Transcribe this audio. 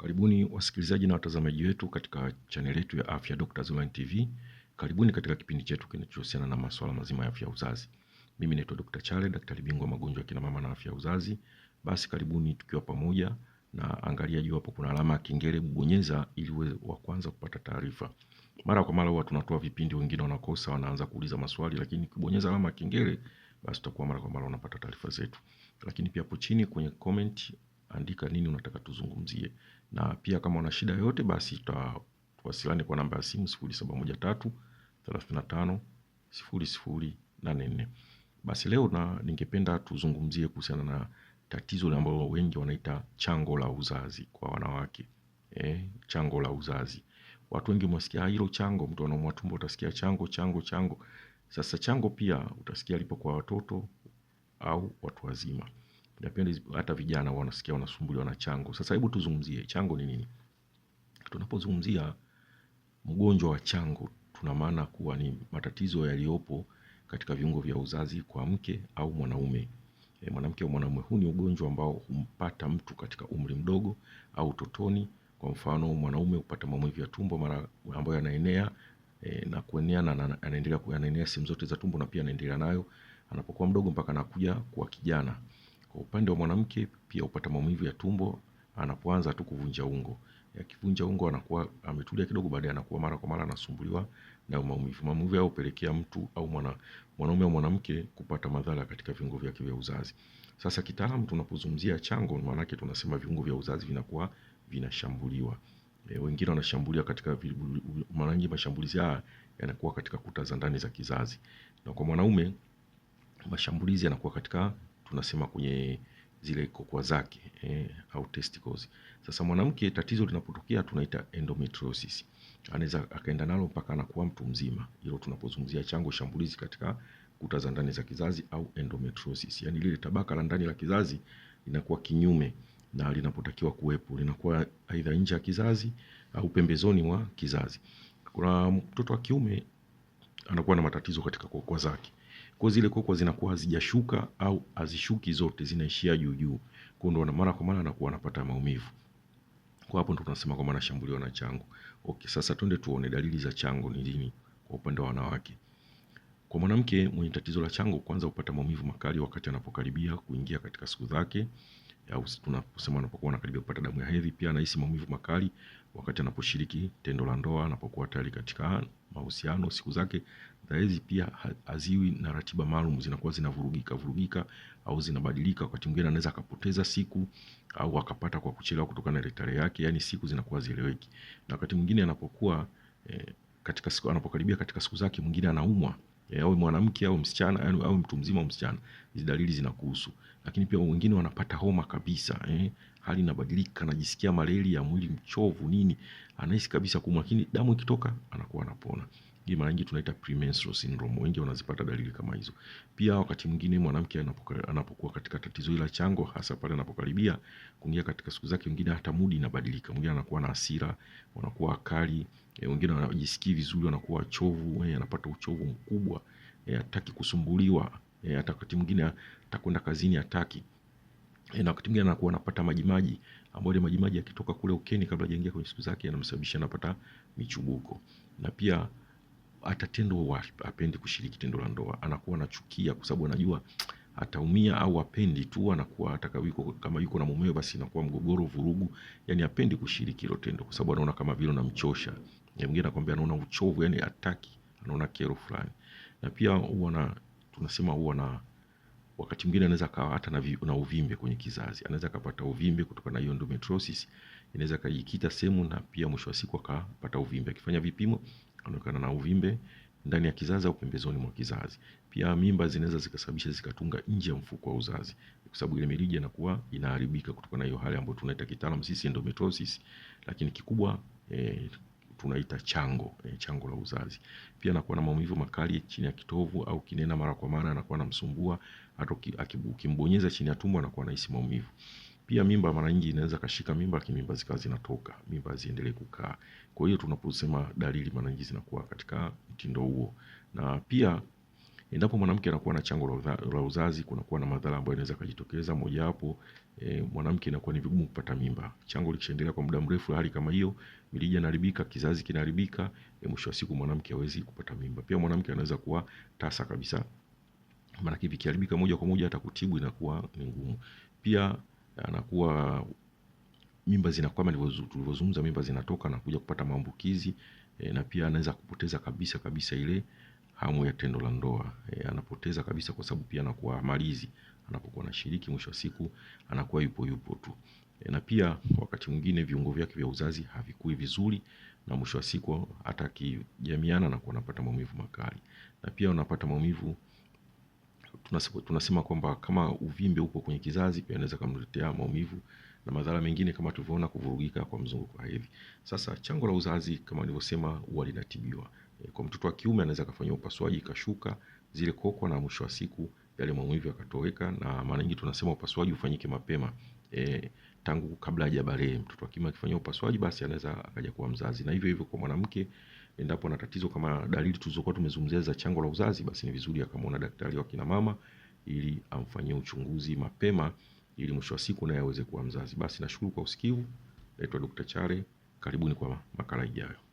Karibuni wasikilizaji na watazamaji wetu katika chaneli yetu ya Afya Dr. Online TV. Karibuni katika kipindi chetu kinachohusiana na masuala mazima ya afya ya uzazi. Mimi naitwa Dr. Chale, daktari bingwa magonjwa ya kina mama na afya ya uzazi. Basi karibuni tukiwa pamoja na angalia juu hapo kuna alama ya kengele, bonyeza ili uwe wa kwanza kupata taarifa. Mara kwa mara huwa tunatoa vipindi, wengine wanakosa, wanaanza kuuliza maswali, lakini ukibonyeza alama ya kengele basi utakuwa mara kwa mara unapata taarifa zetu. Lakini pia hapo chini kwenye comment andika nini unataka tuzungumzie, na pia kama una shida yoyote, basi tuwasiliane kwa namba ya simu sifuri saba moja tatu thelathini na tano sifuri sifuri nane nne. Basi leo na ningependa tuzungumzie kuhusiana na tatizo ambalo wengi wanaita chango la uzazi kwa wanawake. Eh, chango la uzazi. Watu wengi mwasikia ah, hilo chango, mtu anaumwa tumbo utasikia chango chango chango. Sasa chango pia utasikia lipo kwa watoto au watu wazima na pia hata vijana wanasikia wanasumbuliwa na chango. Sasa hebu tuzungumzie chango ni nini? Tunapozungumzia mgonjwa wa chango, tuna maana kuwa ni matatizo yaliyopo katika viungo vya uzazi kwa mke au mwanaume e, mwanamke au mwanaume. Huu ni ugonjwa ambao humpata mtu katika umri mdogo au utotoni. Kwa mfano, mwanaume hupata maumivu ya tumbo mara ambayo yanaenea e, na kuenea na anaendelea kuenea sehemu zote za tumbo na pia anaendelea nayo anapokuwa mdogo mpaka anakuja kuwa kijana. Kwa upande wa mwanamke pia hupata maumivu ya tumbo anapoanza tu kuvunja ungo. Akivunja ungo anakuwa ametulia kidogo, baadaye anakuwa mara kwa mara anasumbuliwa na maumivu. Maumivu haya hupelekea mtu au mwana, mwanaume au mwanamke kupata madhara katika viungo vyake vya uzazi. Sasa kitaalamu tunapozungumzia chango, maana yake tunasema viungo vya uzazi vinakuwa vinashambuliwa. E, Wengine wanashambulia katika mara nyingi mashambulizi haya yanakuwa katika kuta za ndani za kizazi, na kwa mwanaume mashambulizi yanakuwa katika tunasema kwenye zile kokwa zake eh, au testicles. Sasa mwanamke tatizo linapotokea tunaita endometriosis, anaweza akaenda nalo mpaka anakuwa mtu mzima. Hilo tunapozungumzia chango shambulizi katika kuta za ndani za kizazi au endometriosis, yani lile tabaka la ndani la kizazi linakuwa kinyume na linapotakiwa kuwepo, linakuwa aidha nje ya kizazi au pembezoni mwa kizazi. Kuna mtoto wa kiume anakuwa na matatizo katika kokwa zake kwa zile kokwa zinakuwa hazijashuka au hazishuki zote, zinaishia juu juu, kwa ndo mara kwa mara anakuwa anapata maumivu. Kwa hapo ndo tunasema kwamba anashambuliwa na chango. Okay, sasa twende tuone dalili za chango ni nini kwa upande wa wanawake. Kwa mwanamke mwenye tatizo la chango, kwanza hupata maumivu makali wakati anapokaribia kuingia katika siku zake au tunaposema anapokuwa anakaribia kupata damu ya hedhi. Pia anahisi maumivu makali wakati anaposhiriki tendo la ndoa, anapokuwa tayari katika mahusiano siku zake za hedhi pia haziwi na ratiba maalum, zinakuwa zinavurugika vurugika au zinabadilika. Wakati mwingine anaweza akapoteza siku au akapata kwa kuchelewa kutokana na tarehe yake, yani siku zinakuwa zieleweki. Na wakati mwingine anapokuwa eh, katika siku anapokaribia katika siku zake, mwingine anaumwa e, au mwanamke au msichana yani, au mtu mzima au msichana, hizi dalili zinakuhusu. Lakini pia wengine wanapata homa kabisa eh, hali inabadilika, anajisikia maleli ya mwili mchovu, nini, anahisi kabisa kumwa, lakini damu ikitoka anakuwa anapona. Hii mara nyingi tunaita premenstrual syndrome, wengi wanazipata dalili kama hizo. Pia wakati mwingine mwanamke anapokuwa katika tatizo hili la chango, hasa pale anapokaribia kuingia katika siku zake, wengine hata mudi inabadilika, mwingine anakuwa na hasira, wanakuwa akali e, wengine wanajisikia vizuri, wanakuwa wachovu e, eh, anapata uchovu mkubwa e, hataki kusumbuliwa e, hata wakati mwingine atakwenda kazini hataki e, na wakati mwingine anakuwa anapata majimaji ambayo ile majimaji yakitoka kule ukeni kabla hajaingia kwenye siku zake yanamsababisha anapata michubuko na pia atatendwa apendi kushiriki tendo la ndoa, anakuwa anachukia kwa sababu anajua ataumia au apendi tu, anakuwa atakawiko kama yuko na mumeo, basi inakuwa mgogoro, vurugu, yani apendi kushiriki hilo tendo kwa sababu anaona kama vile mchosha ya mwingine anakwambia anaona uchovu, yani ataki, anaona kero fulani. Na pia huwa na tunasema huwa na wakati mwingine anaweza kawa hata na, na uvimbe kwenye kizazi, anaweza kapata uvimbe kutokana na hiyo endometriosis, inaweza kajikita sehemu na pia mwisho wa siku akapata uvimbe. Akifanya vipimo anaonekana na uvimbe ndani ya kizazi au pembezoni mwa kizazi. Pia mimba zinaweza zikasababisha zikatunga nje ya mfuko wa uzazi, kwa sababu ile mirija inakuwa inaharibika kutokana na hiyo hali ambayo tunaita kitaalamu sisi endometriosis, lakini kikubwa eh, tunaita chango e, chango la uzazi. Pia anakuwa na maumivu makali chini ya kitovu au kinena mara kwa mara, anakuwa anamsumbua, hata ukimbonyeza chini ya tumbo anakuwa anahisi maumivu. Pia mimba mara nyingi inaweza kashika mimba, kimimba zikawa zinatoka, mimba ziendelee kukaa. Kwa hiyo tunaposema dalili mara nyingi zinakuwa katika mtindo huo, na pia endapo mwanamke anakuwa na chango la uzazi, kunakuwa na madhara ambayo inaweza kujitokeza. Mojawapo e, mwanamke inakuwa ni vigumu kupata mimba. Chango likishaendelea kwa muda mrefu, hali kama hiyo, mirija inaharibika, kizazi kinaharibika, e, mwisho wa siku mwanamke hawezi kupata mimba. Pia mwanamke anaweza kuwa tasa kabisa, maana vikiharibika moja kwa moja hata kutibu inakuwa ni ngumu. Pia anakuwa mimba zinakuwa kama tulivyozungumza, mimba zinatoka na kuja kupata maambukizi e, na pia anaweza kupoteza kabisa kabisa ile hamu ya tendo la ndoa e, anapoteza kabisa, kwa sababu pia anakuwa malizi anapokuwa anashiriki, mwisho wa siku anakuwa yupo yupo tu e, na pia wakati mwingine viungo vyake vya uzazi havikui vizuri, na mwisho wa siku hata akijamiana anakuwa anapata maumivu makali, na pia unapata maumivu tunasema, tunasema kwamba kama uvimbe uko kwenye kizazi pia anaweza kumletea maumivu na madhara mengine kama tulivyoona kuvurugika kwa mzunguko wa hedhi. Sasa chango la uzazi kama nilivyosema huwa linatibiwa. E, Kwa mtoto wa kiume anaweza kafanyia upasuaji kashuka zile koko na mwisho wa siku yale maumivu yakatoweka, na mara nyingi tunasema upasuaji ufanyike mapema e, tangu kabla hajabalehe. Mtoto akima akifanyia upasuaji, basi anaweza akaja kuwa mzazi, na hivyo hivyo kwa mwanamke endapo ana tatizo kama dalili tulizokuwa tumezungumzia za chango la uzazi, basi ni vizuri akamwona daktari wa kina mama ili amfanyie uchunguzi mapema ili mwisho wa siku naye aweze kuwa mzazi. Basi nashukuru kwa usikivu. Naitwa Dr. Chale, karibuni kwa makala ijayo.